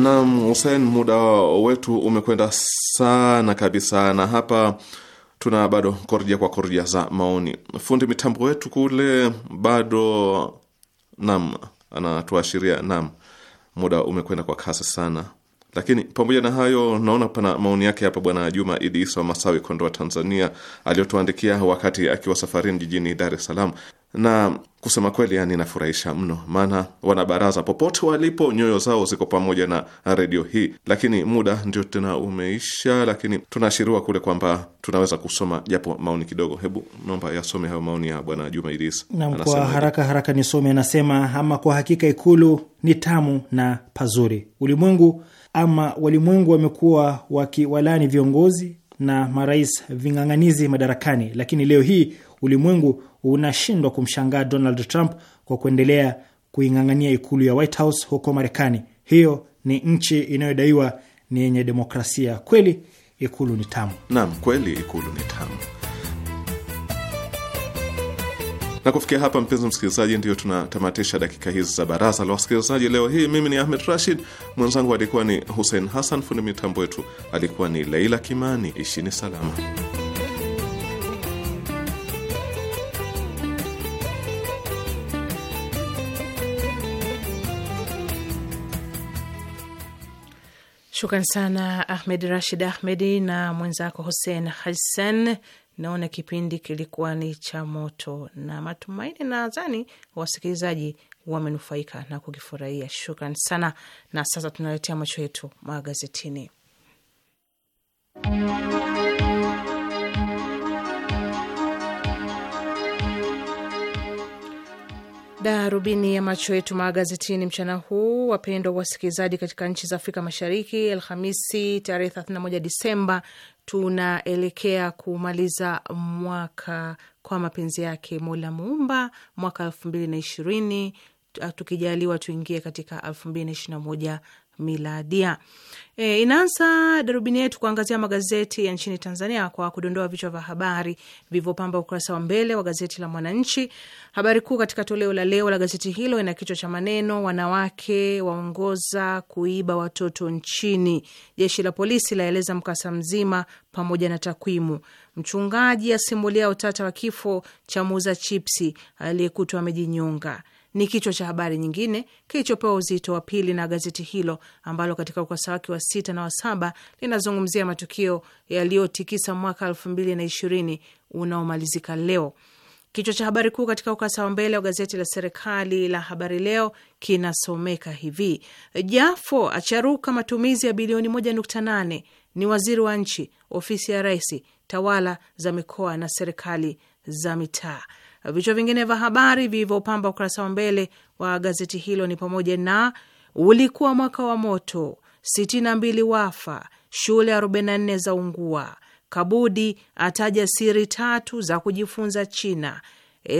na Hussein, muda wetu umekwenda sana kabisa, na hapa tuna bado korja kwa korja za maoni. Fundi mitambo wetu kule bado nam anatuashiria nam, muda umekwenda kwa kasi sana, lakini pamoja na hayo, naona pana maoni yake hapa, Bwana Juma Idi Isa Masawi, Kondoa, Tanzania, aliyotuandikia wakati akiwa safarini jijini Dar es Salaam na kusema kweli, yani inafurahisha mno, maana wanabaraza popote walipo, nyoyo zao ziko pamoja na redio hii. Lakini muda ndio tena umeisha, lakini tunaashiriwa kule kwamba tunaweza kusoma japo maoni kidogo. Hebu naomba yasome hayo maoni ya bwana Juma Idris. Naam, kwa haraka haraka nisome. Anasema, ama kwa hakika Ikulu ni tamu na pazuri. Ulimwengu ama walimwengu wamekuwa wakiwalani viongozi na marais ving'ang'anizi madarakani, lakini leo hii ulimwengu unashindwa kumshangaa Donald Trump kwa kuendelea kuing'ang'ania ikulu ya White House huko Marekani. Hiyo ni nchi inayodaiwa ni yenye demokrasia kweli. Ikulu ni tamu. Naam, kweli ikulu ni tamu. Na kufikia hapa, mpenzi msikilizaji, ndiyo tunatamatisha dakika hizi za baraza la wasikilizaji leo hii. Mimi ni Ahmed Rashid, mwenzangu alikuwa ni Hussein Hassan, fundi mitambo wetu alikuwa ni Leila Kimani. Ishini salama. Shukran sana Ahmed Rashid Ahmedi na mwenzako Hussein Hassan. Naona kipindi kilikuwa ni cha moto na matumaini, nadhani wasikilizaji wamenufaika na kukifurahia. Shukran sana, na sasa tunaletea macho yetu magazetini Darubini ya macho yetu magazetini mchana huu, wapendwa wasikilizaji, katika nchi za Afrika Mashariki, Alhamisi tarehe 31 Disemba, tunaelekea kumaliza mwaka kwa mapenzi yake Mola Muumba, mwaka elfu mbili na ishirini tukijaliwa tuingie katika elfu mbili na ishirini na moja miladia. E, inaanza darubini yetu kuangazia magazeti ya nchini Tanzania kwa kudondoa vichwa vya habari vilivyopamba ukurasa wa mbele wa gazeti la Mwananchi. Habari kuu katika toleo la leo la gazeti hilo ina kichwa cha maneno, wanawake waongoza kuiba watoto nchini, jeshi la polisi laeleza mkasa mzima pamoja na takwimu, mchungaji asimulia utata wa kifo cha muuza chipsi aliyekutwa amejinyonga ni kichwa cha habari nyingine kilichopewa uzito wa pili na gazeti hilo ambalo katika ukurasa wake wa sita na wa saba linazungumzia matukio yaliyotikisa mwaka elfu mbili na ishirini unaomalizika leo. Kichwa cha habari kuu katika ukurasa wa mbele wa gazeti la serikali la Habari Leo kinasomeka hivi: Jafo acharuka matumizi ya bilioni moja nukta nane ni waziri wa nchi, ofisi ya rais, tawala za mikoa na serikali za mitaa. Vichwa vingine vya habari vilivyopamba ukurasa wa mbele wa gazeti hilo ni pamoja na ulikuwa mwaka wa moto, mbili wafa, shule 44 za ungua, Kabudi ataja siri tatu za kujifunza China,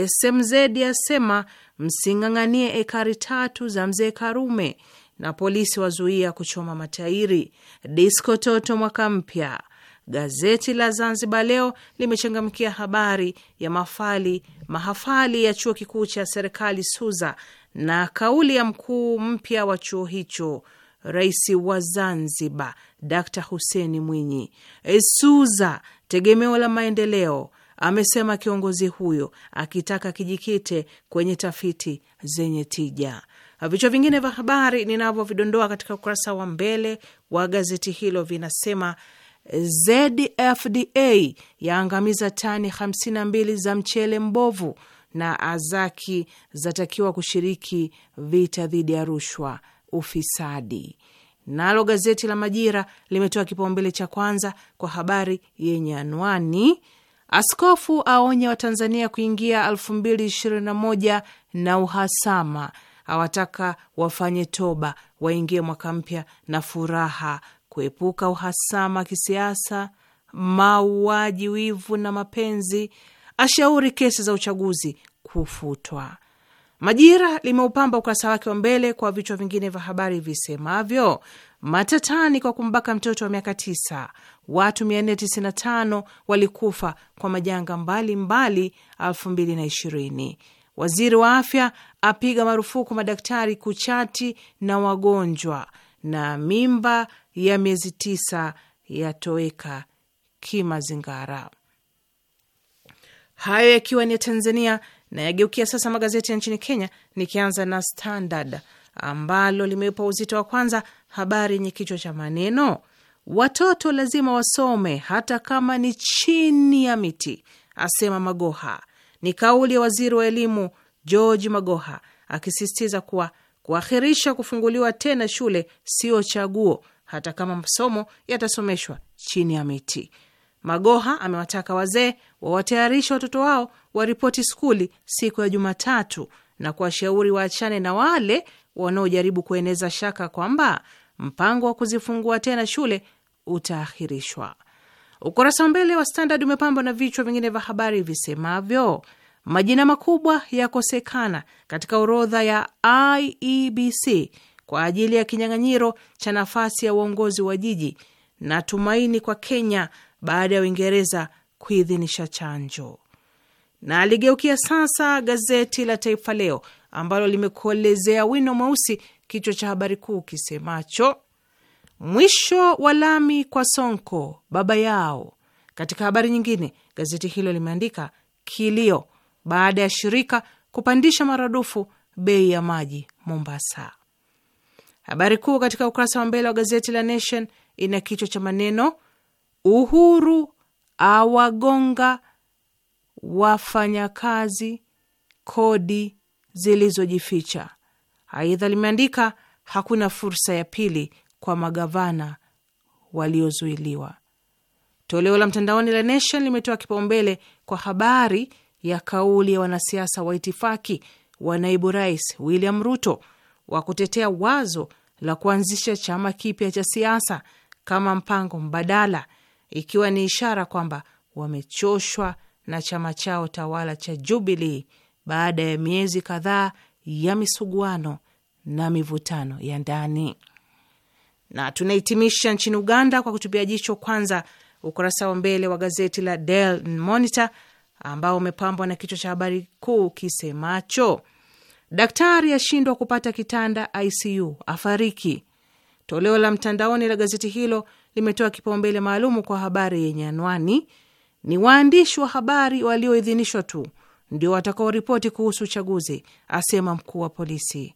SMZ asema msing'ang'anie ekari tatu za mzee Karume, na polisi wazuia kuchoma matairi. diskototo toto mwaka mpya Gazeti la Zanzibar Leo limechangamkia habari ya mafali mahafali ya chuo kikuu cha serikali SUZA na kauli ya mkuu mpya wa chuo hicho, Rais wa Zanzibar Dr Huseni Mwinyi. E, SUZA tegemeo la maendeleo, amesema kiongozi huyo, akitaka kijikite kwenye tafiti zenye tija. Vichwa vingine vya habari ninavyovidondoa katika ukurasa wa mbele wa gazeti hilo vinasema ZFDA yaangamiza tani 52 za mchele mbovu na Azaki zatakiwa kushiriki vita dhidi ya rushwa, ufisadi. Nalo gazeti la Majira limetoa kipaumbele cha kwanza kwa habari yenye anwani Askofu aonya Watanzania kuingia 2021 na uhasama, awataka wafanye toba waingie mwaka mpya na furaha kuepuka uhasama kisiasa, mauaji, wivu na mapenzi. Ashauri kesi za uchaguzi kufutwa. Majira limeupamba ukurasa wake wa mbele kwa vichwa vingine vya habari visemavyo: matatani kwa kumbaka mtoto wa miaka tisa, watu 495 walikufa kwa majanga mbalimbali 2020, waziri wa afya apiga marufuku madaktari kuchati na wagonjwa, na mimba ya miezi tisa yatoweka kimazingara. Hayo yakiwa ni ya Tanzania na yageukia sasa magazeti ya nchini Kenya, nikianza na Standard ambalo limeipa uzito wa kwanza habari yenye kichwa cha maneno watoto lazima wasome hata kama ni chini ya miti, asema Magoha. Ni kauli ya waziri wa elimu George Magoha akisisitiza kuwa kuahirisha kufunguliwa tena shule sio chaguo, hata kama masomo yatasomeshwa chini ya miti. Magoha amewataka wazee wawatayarishe watoto wao waripoti skuli siku ya Jumatatu na kuwashauri waachane na wale wanaojaribu kueneza shaka kwamba mpango wa kuzifungua tena shule utaahirishwa. Ukurasa wa mbele wa Standard umepambwa na vichwa vingine vya habari visemavyo: majina makubwa yakosekana katika orodha ya IEBC kwa ajili ya kinyang'anyiro cha nafasi ya uongozi wa jiji na tumaini kwa Kenya baada ya Uingereza kuidhinisha chanjo. Na aligeukia sasa gazeti la Taifa Leo ambalo limekuelezea wino mweusi kichwa cha habari kuu kisemacho mwisho wa lami kwa Sonko baba yao. Katika habari nyingine, gazeti hilo limeandika kilio baada ya shirika kupandisha maradufu bei ya maji Mombasa. Habari kuu katika ukurasa wa mbele wa gazeti la Nation ina kichwa cha maneno Uhuru awagonga wafanyakazi kodi zilizojificha. Aidha limeandika hakuna fursa ya pili kwa magavana waliozuiliwa. Toleo la mtandaoni la Nation limetoa kipaumbele kwa habari ya kauli ya wanasiasa wa itifaki wa naibu rais William Ruto wa kutetea wazo la kuanzisha chama kipya cha siasa kama mpango mbadala, ikiwa ni ishara kwamba wamechoshwa na chama chao tawala cha Jubilee baada ya miezi kadhaa ya misuguano na mivutano ya ndani. Na tunahitimisha nchini Uganda kwa kutupia jicho kwanza ukurasa wa mbele wa gazeti la Daily Monitor ambao umepambwa na kichwa cha habari kuu kisemacho Daktari ashindwa kupata kitanda ICU, afariki. Toleo la mtandaoni la gazeti hilo limetoa kipaumbele maalumu kwa habari yenye anwani, ni waandishi wa habari walioidhinishwa tu ndio watakaoripoti kuhusu uchaguzi, asema mkuu wa polisi.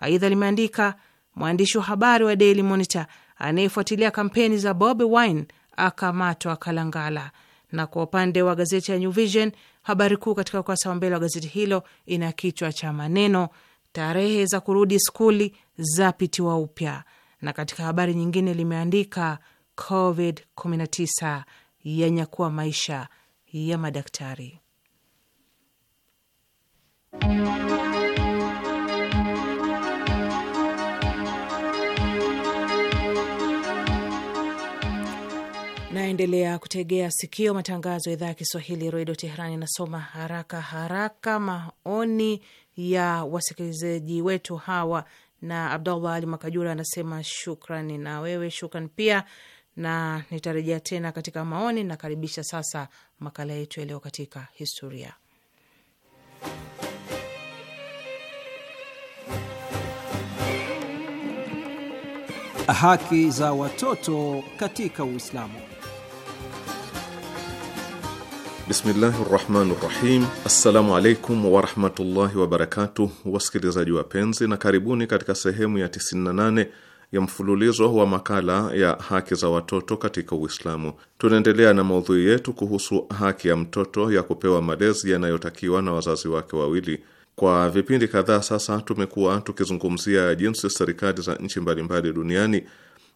Aidha limeandika mwandishi wa habari wa Daily Monitor anayefuatilia kampeni za Bobi Wine akamatwa Kalangala. Na kwa upande wa gazeti ya New Vision Habari kuu katika ukurasa wa mbele wa gazeti hilo ina kichwa cha maneno tarehe za kurudi skuli zapitiwa upya, na katika habari nyingine limeandika Covid 19 yanyakua maisha ya madaktari Naendelea kutegea sikio matangazo ya idhaa ya Kiswahili redio Teherani. Inasoma haraka haraka maoni ya wasikilizaji wetu hawa, na Abdallah Ali Makajura anasema shukrani, na wewe shukran pia, na nitarejea tena katika maoni. Nakaribisha sasa makala yetu ya katika historia Haki za watoto katika Uislamu. Bismillahi rahmani rahim. Assalamu alaikum warahmatullahi wabarakatuh, wasikilizaji wapenzi, na karibuni katika sehemu ya 98 ya mfululizo wa makala ya haki za watoto katika Uislamu. Tunaendelea na maudhui yetu kuhusu haki ya mtoto ya kupewa malezi yanayotakiwa na wazazi wake wawili. Kwa vipindi kadhaa sasa, tumekuwa tukizungumzia jinsi serikali za nchi mbalimbali duniani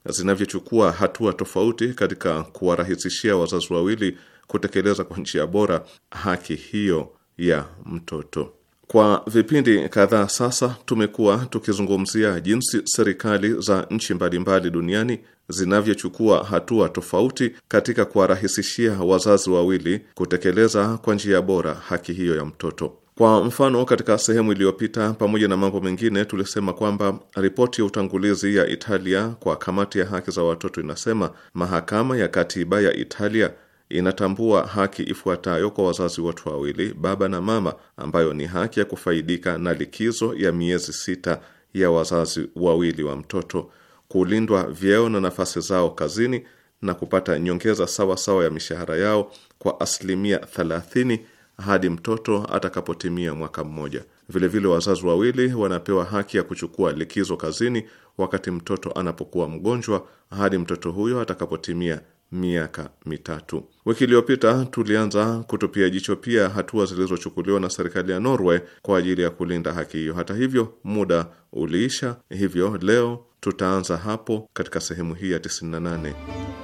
zinavyochukua hatua tofauti katika kuwarahisishia wazazi wawili kutekeleza kwa njia bora haki hiyo ya mtoto. Kwa vipindi kadhaa sasa tumekuwa tukizungumzia jinsi serikali za nchi mbalimbali duniani zinavyochukua hatua tofauti katika kuwarahisishia wazazi wawili kutekeleza kwa njia bora haki hiyo ya mtoto. Kwa mfano, katika sehemu iliyopita, pamoja na mambo mengine, tulisema kwamba ripoti ya utangulizi ya Italia kwa kamati ya haki za watoto inasema mahakama ya katiba ya Italia inatambua haki ifuatayo kwa wazazi wote wawili, baba na mama, ambayo ni haki ya kufaidika na likizo ya miezi sita ya wazazi wawili wa mtoto, kulindwa vyeo na nafasi zao kazini na kupata nyongeza sawa sawa ya mishahara yao kwa asilimia thelathini hadi mtoto atakapotimia mwaka mmoja. Vilevile vile wazazi wawili wanapewa haki ya kuchukua likizo kazini wakati mtoto anapokuwa mgonjwa hadi mtoto huyo atakapotimia miaka mitatu. Wiki iliyopita tulianza kutupia jicho pia hatua zilizochukuliwa na serikali ya Norway kwa ajili ya kulinda haki hiyo. Hata hivyo, muda uliisha, hivyo leo tutaanza hapo katika sehemu hii ya 98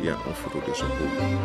ya mfululizo huu.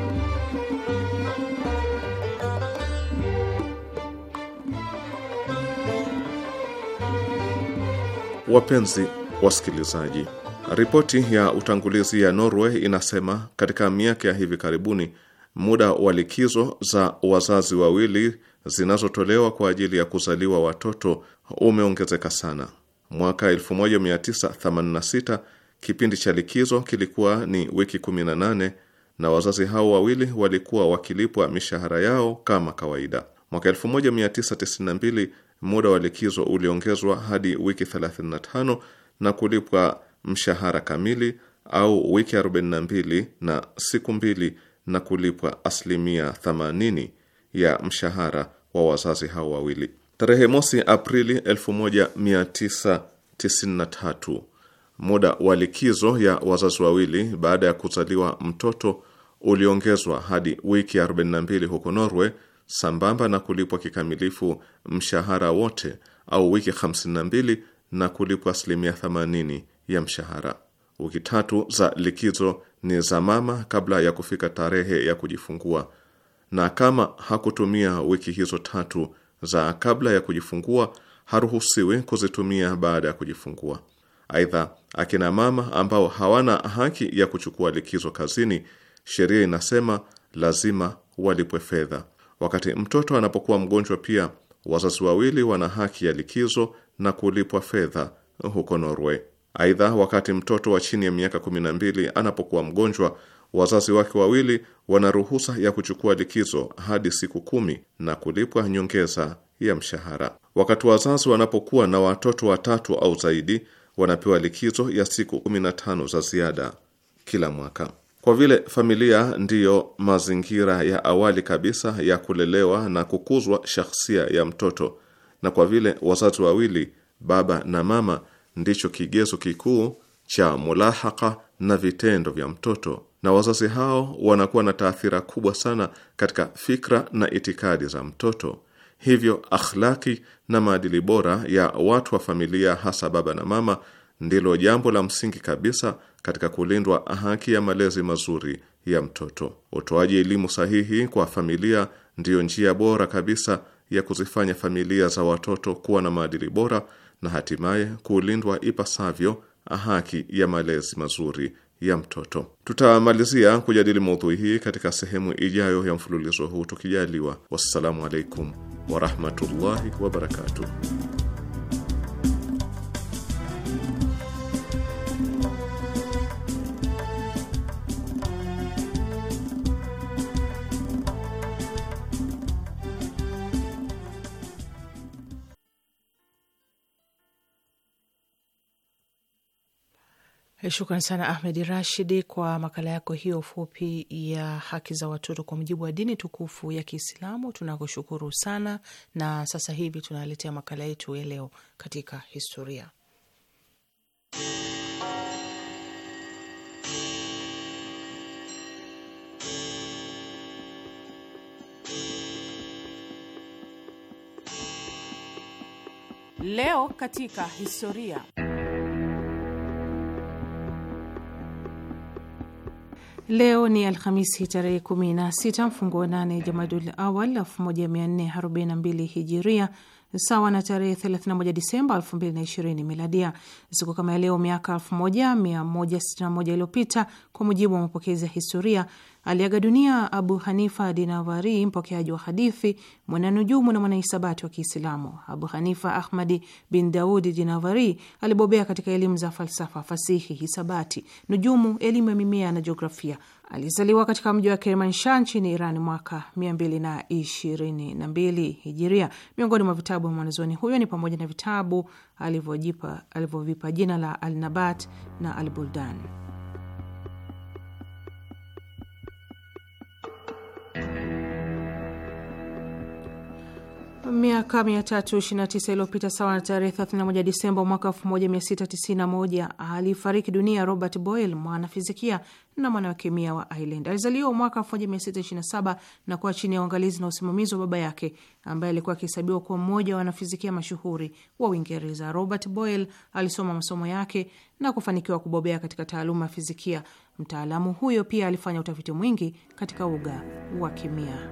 Wapenzi wasikilizaji Ripoti ya utangulizi ya Norway inasema katika miaka ya hivi karibuni muda wa likizo za wazazi wawili zinazotolewa kwa ajili ya kuzaliwa watoto umeongezeka sana. Mwaka 1986 kipindi cha likizo kilikuwa ni wiki 18 na wazazi hao wawili walikuwa wakilipwa mishahara yao kama kawaida. Mwaka 1992 muda wa likizo uliongezwa hadi wiki 35 na kulipwa mshahara kamili au wiki 42 na siku mbili na kulipwa asilimia 80 ya mshahara wa wazazi hao wawili. Tarehe mosi Aprili 1993, muda wa likizo ya wazazi wawili baada ya kuzaliwa mtoto uliongezwa hadi wiki 42 huko Norway, sambamba na kulipwa kikamilifu mshahara wote au wiki 52 na kulipwa asilimia 80 ya mshahara. Wiki tatu za likizo ni za mama kabla ya kufika tarehe ya kujifungua, na kama hakutumia wiki hizo tatu za kabla ya kujifungua haruhusiwi kuzitumia baada ya kujifungua. Aidha, akina mama ambao hawana haki ya kuchukua likizo kazini, sheria inasema lazima walipwe fedha. Wakati mtoto anapokuwa mgonjwa, pia wazazi wawili wana haki ya likizo na kulipwa fedha huko Norway. Aidha, wakati mtoto wa chini ya miaka 12 anapokuwa mgonjwa, wazazi wake wawili wana ruhusa ya kuchukua likizo hadi siku kumi na kulipwa nyongeza ya mshahara. Wakati wazazi wanapokuwa na watoto watatu au zaidi, wanapewa likizo ya siku 15 za ziada kila mwaka. Kwa vile familia ndiyo mazingira ya awali kabisa ya kulelewa na kukuzwa shakhsia ya mtoto, na kwa vile wazazi wawili, baba na mama ndicho kigezo kikuu cha mulahaka na vitendo vya mtoto, na wazazi hao wanakuwa na taathira kubwa sana katika fikra na itikadi za mtoto. Hivyo akhlaki na maadili bora ya watu wa familia, hasa baba na mama, ndilo jambo la msingi kabisa katika kulindwa haki ya malezi mazuri ya mtoto. Utoaji elimu sahihi kwa familia ndiyo njia bora kabisa ya kuzifanya familia za watoto kuwa na maadili bora na hatimaye kulindwa ipasavyo haki ya malezi mazuri ya mtoto. Tutamalizia kujadili maudhui hii katika sehemu ijayo ya mfululizo huu tukijaliwa. Wassalamu alaikum warahmatullahi wabarakatuh. Eh, shukran sana Ahmed Rashidi kwa makala yako hiyo fupi ya haki za watoto kwa mujibu wa dini tukufu ya Kiislamu. Tunakushukuru sana, na sasa hivi tunaletea makala yetu ya leo katika historia. Leo katika historia Leo ni Alhamisi tarehe 16 wa 8 Jamadul Awal 1442 Hijiria, sawa na tarehe 31 Disemba 2020 Miladia. Siku kama ya leo miaka 1161 iliyopita, kwa mujibu wa mapokezi ya historia, Aliaga dunia Abu Hanifa Dinavari, mpokeaji wa hadithi, mwananujumu na mwanahisabati wa Kiislamu. Abu Hanifa Ahmadi bin Daudi Dinavari alibobea katika elimu za falsafa, fasihi, hisabati, nujumu, elimu ya mimea na jiografia. Alizaliwa katika mji wa Kermansha nchini Iran mwaka 222 Hijiria. Miongoni mwa vitabu vya mwanazoni huyo ni pamoja na vitabu alivyovipa jina la Alnabat na Albuldan. Miaka 329 iliyopita sawa na tarehe 31 Disemba mwaka 1691 alifariki dunia Robert Boyle, mwanafizikia na mwanakemia wa Ireland. Alizaliwa mwaka 1627 na kuwa chini ya uangalizi na usimamizi wa baba yake ambaye alikuwa akihesabiwa kuwa mmoja wa wanafizikia mashuhuri wa Uingereza. Robert Boyle alisoma masomo yake na kufanikiwa kubobea katika taaluma ya fizikia. Mtaalamu huyo pia alifanya utafiti mwingi katika uga wa kemia.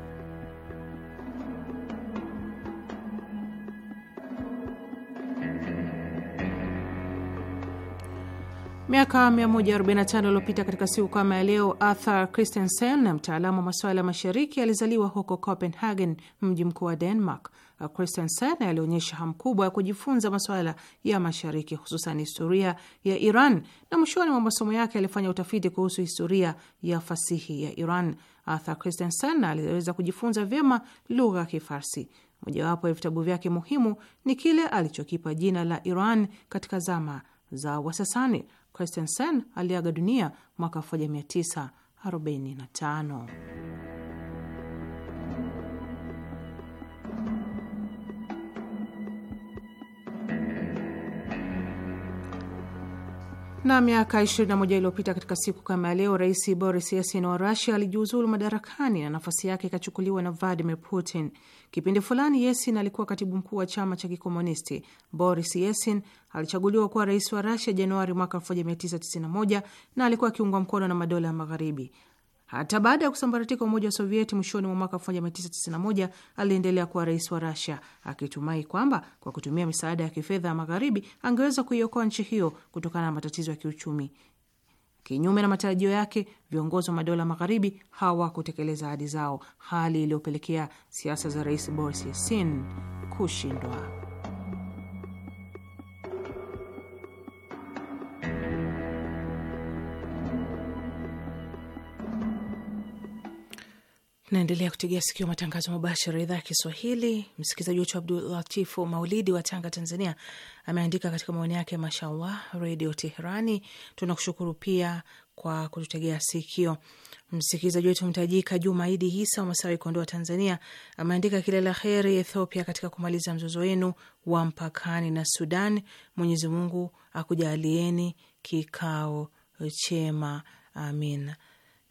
Miaka 145 iliyopita katika siku kama ya leo, Arthur Christensen na mtaalamu wa masuala ya mashariki alizaliwa huko Copenhagen, mji mkuu wa Denmark. Christensen alionyesha hamu kubwa ya kujifunza masuala ya mashariki, hususan historia ya Iran, na mwishoni mwa masomo yake alifanya utafiti kuhusu historia ya fasihi ya Iran. Arthur Christensen aliweza kujifunza vyema lugha ya Kifarsi. Mojawapo ya vitabu vyake muhimu ni kile alichokipa jina la Iran katika zama za Wasasani. Christensen aliaga dunia mwaka 1945. Na miaka 21 iliyopita katika siku kama ya leo, rais Boris Yeltsin wa Rusia alijiuzulu madarakani na nafasi yake ikachukuliwa na Vladimir Putin. Kipindi fulani, Yeltsin alikuwa katibu mkuu wa chama cha kikomunisti. Boris Yeltsin alichaguliwa kuwa rais wa Rusia Januari mwaka 1991 na alikuwa akiungwa mkono na madola ya Magharibi. Hata baada ya kusambaratika Umoja wa Sovieti mwishoni mwa mwaka 1991 aliendelea kuwa rais wa Rasia akitumai kwamba kwa kutumia misaada ya kifedha ya Magharibi angeweza kuiokoa nchi hiyo kutokana na matatizo ya kiuchumi. Kinyume na matarajio yake, viongozi wa madola magharibi hawakutekeleza ahadi zao, hali iliyopelekea siasa za rais Boris Yeltsin kushindwa. Naendelea kutegea sikio matangazo mubashara idhaa ya Kiswahili. Msikilizaji wetu Abdulatifu Maulidi wa Tanga, Tanzania, ameandika katika maoni yake, mashallah Redio Teherani. Tunakushukuru pia kwa kututegea sikio. Msikilizaji wetu mtajika Jumaidi Hisa wa Masawi, Kondoa, Tanzania, ameandika kila la heri Ethiopia katika kumaliza mzozo wenu wa mpakani na Sudan. Mwenyezi Mungu akujalieni kikao chema, amin.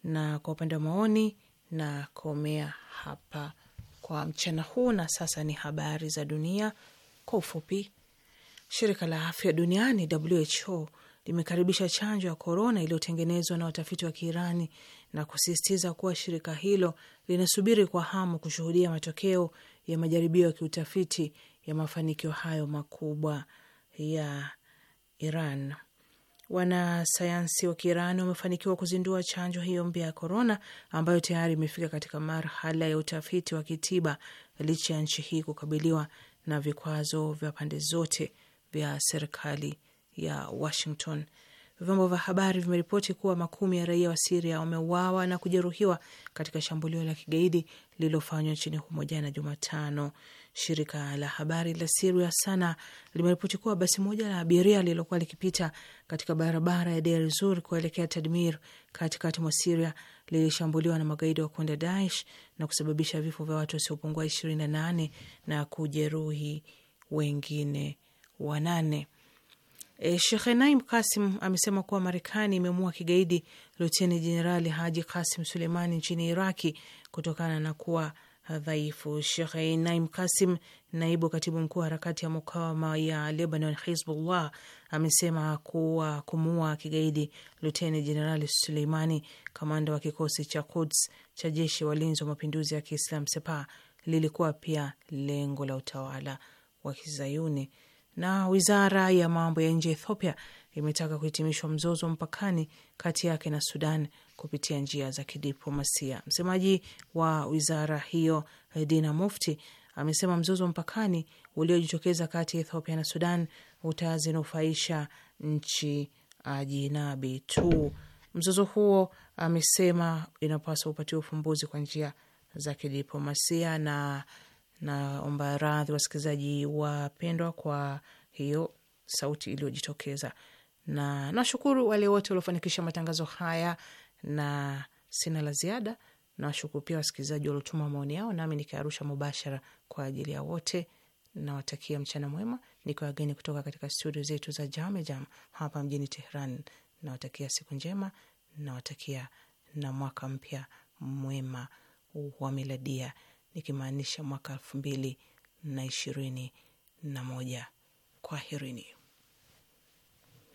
Na kwa upande wa maoni na komea hapa kwa mchana huu, na sasa ni habari za dunia kwa ufupi. Shirika la afya duniani WHO limekaribisha chanjo ya korona iliyotengenezwa na watafiti wa Kiirani na kusisitiza kuwa shirika hilo linasubiri kwa hamu kushuhudia matokeo ya majaribio ya kiutafiti ya mafanikio hayo makubwa ya Iran. Wanasayansi wa Kiirani wamefanikiwa kuzindua chanjo hiyo mpya ya korona ambayo tayari imefika katika marhala ya utafiti wa kitiba licha ya nchi hii kukabiliwa na vikwazo vya pande zote vya serikali ya Washington. Vyombo vya habari vimeripoti kuwa makumi ya raia wa Siria wameuawa na kujeruhiwa katika shambulio la kigaidi lililofanywa nchini humo jana Jumatano. Shirika la habari la Siria Sana limeripoti kuwa basi moja la abiria lililokuwa likipita katika barabara ya Deir Zur kuelekea Tadmir katikati mwa Siria lilishambuliwa na magaidi wa kundi Daesh na kusababisha vifo vya watu wasiopungua 28 na kujeruhi wengine wanane. E, Sheikh Naim Kasim amesema kuwa Marekani imemua kigaidi Luteni Jenerali Haji Kasim Suleimani nchini Iraki kutokana na kuwa dhaifu. Shekh Naim Kasim, naibu katibu mkuu wa harakati ya mukawama ya Lebanon, Hizbullah, amesema kuwa kumuua kigaidi luteni jenerali Suleimani, kamanda wa kikosi cha Kuds cha jeshi walinzi wa mapinduzi ya Kiislam Sepa, lilikuwa pia lengo la utawala wa Kizayuni. Na wizara ya mambo ya nje ya Ethiopia imetaka kuhitimishwa mzozo wa mpakani kati yake na Sudan kupitia njia za kidiplomasia. Msemaji wa wizara hiyo Dina Mufti amesema mzozo mpakani uliojitokeza kati ya Ethiopia na Sudan utazinufaisha nchi ajinabi tu. Mzozo huo amesema inapaswa upatiwe ufumbuzi kwa njia za kidiplomasia. Na naomba radhi wasikilizaji wapendwa kwa hiyo sauti iliyojitokeza, na nashukuru wale wote waliofanikisha matangazo haya na sina la ziada. Nawashukuru pia wasikilizaji waliotuma maoni yao, nami nikiarusha mubashara kwa ajili ya wote. Nawatakia mchana mwema, wageni kutoka katika studio zetu za Jamejam hapa mjini Tehran. Nawatakia siku njema, nawatakia na mwaka mpya mwema wa miladia, nikimaanisha mwaka elfu mbili na ishirini na moja. Kwaherini.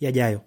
yajayo.